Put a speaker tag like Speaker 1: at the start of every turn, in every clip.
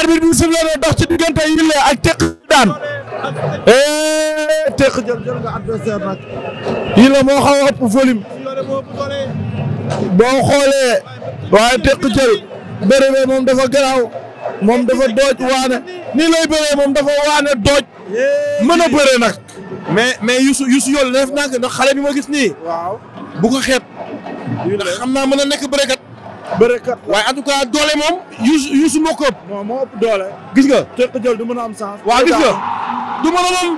Speaker 1: arbitre bi siflé na dox ci diggante yille ak teq daan eh teq jël jël nga adversaire nag yille moo xaw a ëpp boo xoolee waaye teq jël bëre be moom dafa garaaw moom dafa dooj waane nii lay bëree moom dafa waane dooj mën a bëree nag mais mais yusu yusu yoolu def naa ko ndax xale bi ma gis nii bu ko xet xam naa mën a nekk bërekat bërekat waaye en tout cas doole moom. Youssou moo moo ëpp doole. gis nga. tekk jël du mën am sens. waaw gis du mën a moom.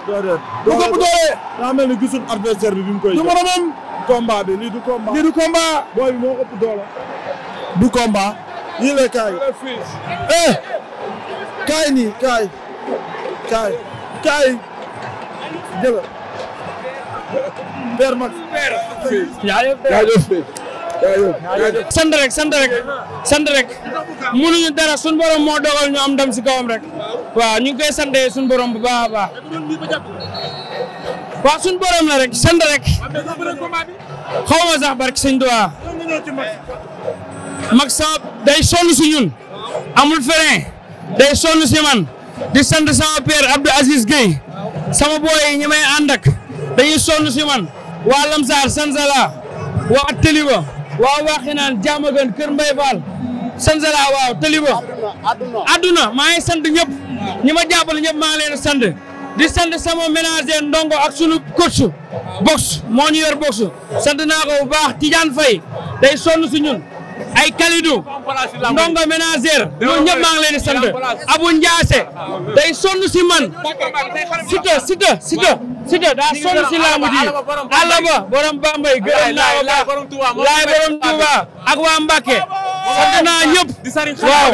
Speaker 1: du ko ëpp doole. daa mel ni gisul adversaire bi bi mu koy. du mën a moom. combat bi lii du combat. lii du combat. booy bi moo ëpp doole. du combat. lii lay kaay. eh. kaay nii kaay. kaay. kaay. jëla. père Max. jaajëf jaajëf. sant rek sant rek sant rek munuñu dara suñu borom moo dogal ñu am ndam kawam rek waaw ñu ngi koy sant suñu borom bu baax a baax. waaw suñu borom la rek sant rek xaw ma sax barki sëñ Tuubaa mag sama day sonn si ñun amul frein day sonn si man di sant sama père Abdou Aziz Guèye sama booy yi ñi may ànd dañuy sonn si man waa Lamsar Sansala waa Teliba. waaw waxi naan Diamaguène Kër Mbaye Fall sant la waaw taliba maa ngi sant ñëpp ñi ma jàppale ñëpp maa ngi sant di sant sama ménager ndongo ak sunu coach box moo ñu yor box sant naa ko bu baax Tidiane Faye day sonn si ñun ay Kalidou ndongo ménagère ñooñu ñëpp maa ngi leen di sant Abou Ndiasse day sonn si man sita sita sita daa sonn si laamu ji àll ba borom Bambey gërëm naa ko baax laay ak waa Mbacke sant naa ñëpp waaw.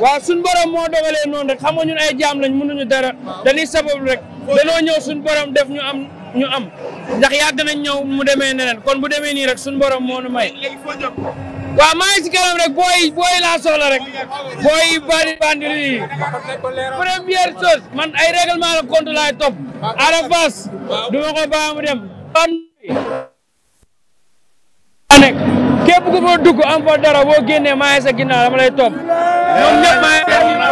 Speaker 1: waaw suñu borom moo dogalee noonu rek xam nga ñun ay jaam lañ mënuñu dara dañuy sabab rek. danoo ñëw suñ borom def ñu am ñu am ndax yàgg nañ ñëw mu demee neneen kon bu demee nii rek suñ borom moo nu may waaw maa ngi ci rek booy booy laa soxla rek booy bandi bandi man ay règlement de compte laay topp arafas du ma ko baax mu dem an nekk képp ku fa dugg am fa dara boo génnee maa ngi sa ginnaaw dama lay topp ñoom ñëpp maa